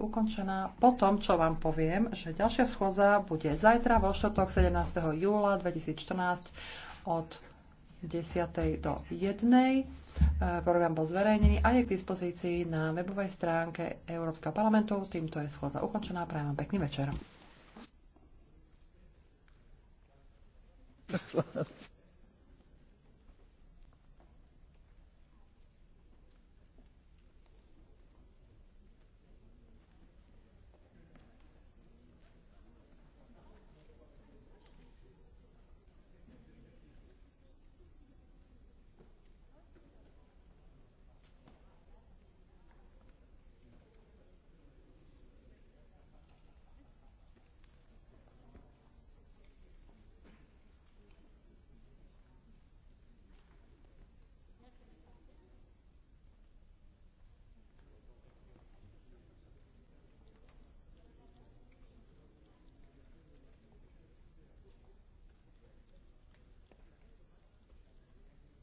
ukončená po tom, čo vám poviem, že ďalšia schôdza bude zajtra vo štotok 17. júla 2014 od 10. do 1. E, program bol zverejnený a je k dispozícii na webovej stránke Európskeho parlamentu. Týmto je schôdza ukončená. Prajem vám pekný večer.